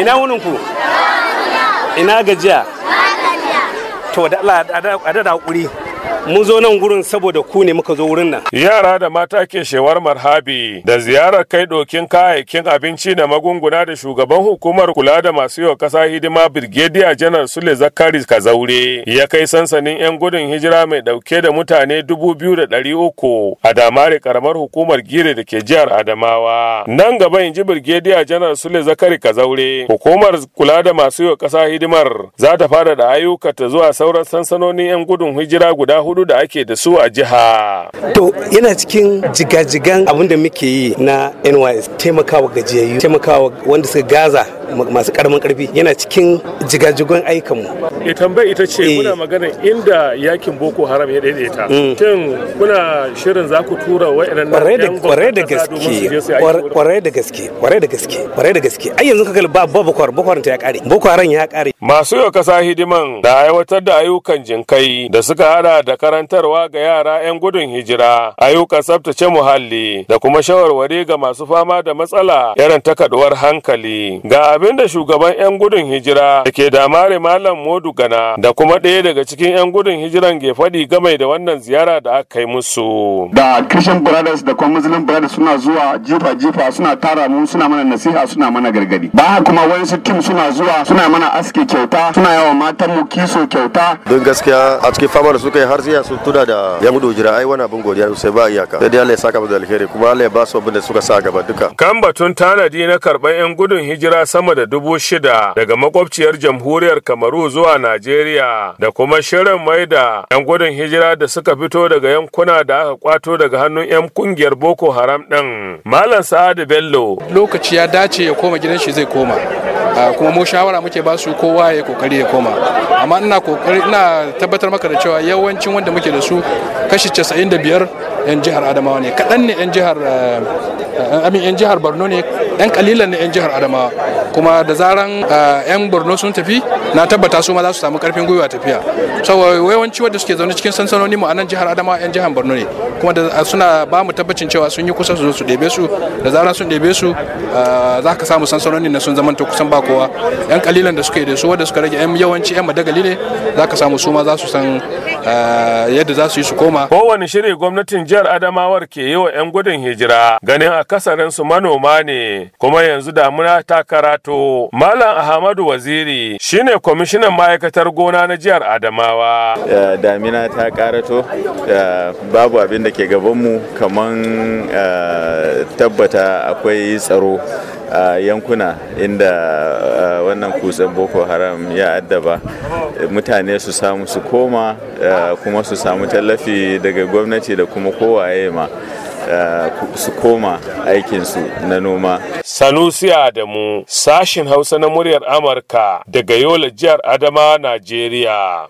ina wunin ku ina gajiya to da Allah a da hakuri mun zo nan gurin saboda ku ne muka zo wurin nan yara da mata ke shewar marhabi da ziyarar kai dokin kayayyakin abinci da magunguna da shugaban hukumar kula da masu yau kasa hidima birgediya janar sule zakari kazaure ya kai sansanin yan gudun hijira mai dauke da mutane dubu biyu da ɗari uku a damare karamar hukumar gire da ke jihar adamawa nan gaba in ji birgediya janar sule zakari kazaure hukumar kula da masu yau kasa hidimar za ta fara da ayyukata zuwa sauran sansanonin yan gudun hijira guda hudu hudu da ake da su a jiha. To yana cikin jiga-jigan abin da muke yi na NYS taimakawa gajiyayyu taimakawa wanda suka gaza masu karamin karfi yana cikin jigajigon aikan mu e eh, tambayi ita ce eh. muna magana inda yakin boko haram ya daidaita mm. shin kuna shirin za ku tura wa'annan kwarai da gaske kwarai da gaske kwarai da gaske kwarai da gaske ai yanzu kaga ba bakwar bakwar ta ya kare boko haram ya kare masu yau kasa hidiman da aiwatar da ayyukan jinkai da suka hada da karantarwa ga yara 'yan gudun hijira ayyukan tsaftace muhalli da kuma shawarwari ga masu fama da matsala irin takaduwar hankali ga abinda shugaban 'yan gudun hijira da ke damare malam modu gana da kuma ɗaya daga cikin 'yan gudun hijiran ke faɗi game da wannan ziyara da aka kai musu da christian brothers da kuma muslim brothers suna zuwa jifa jifa suna tara mu suna mana nasiha suna mana gargadi ba kuma wayansu tim suna zuwa suna mana aske kyauta suna yawa matan mu kiso kyauta don gaskiya a cikin fama da suka yi har ziyara sun tuna da yan gudun hijira ai wani abin godiya sai ba iyaka sai dai Allah ya saka mu da alheri kuma Allah ya ba su abin da suka sa gaba duka kan batun tanadi na karɓar 'yan gudun hijira sama sama da dubu shida daga makwabciyar jamhuriyar Kamaru zuwa Najeriya da kuma shirin mai da 'yan gudun hijira da suka fito daga yankuna da aka kwato daga hannun 'yan kungiyar Boko Haram din Malam Sa'adu Bello. Lokaci ya dace ya koma gidan shi zai koma. kuma mu shawara muke ba su kowa ya kokari ya koma amma ina kokari ina tabbatar maka da cewa yawancin wanda muke da su kashi 95 yan jihar Adamawa ne kadan ne yan jihar eh, eh, amin yan jihar Borno ne yan kalilan ne yan jihar Adamawa kuma da zaran yan borno sun tafi na tabbata su ma za su samu karfin gwiwa tafiya saboda yawanci wadda suke zaune cikin sansanoni mu a nan jihar adama yan jihar borno ne kuma da suna ba mu tabbacin cewa sun yi kusa su zo su ɗebe su da zaran sun ɗebe su za ka samu sansanoni na sun zamanta kusan ba kowa yan kalilan da suke da su wadda suka rage yan yawanci yan madagali ne za ka samu su ma za su san Eh, yadda za su yi su koma. Kowane shiri gwamnatin jihar Adamawar ke yi wa 'yan gudun hijira ganin kasarin su manoma ne kuma yanzu damuna ta karato. Malam Ahmadu Waziri shine kwamishinan ma'aikatar gona na jihar Adamawa. Eh, damina ta karato eh, babu abin da ke gabanmu kamar tabbata akwai tsaro a yankuna inda wannan kutsen boko haram ya addaba mutane su samu su koma eh, kuma su samu tallafi daga gwamnati da kuma kowaye ma eh, su koma aikinsu na noma. Sanusi Adamu, sashin Hausa na muryar Amurka daga Yola jihar Adama, Najeriya.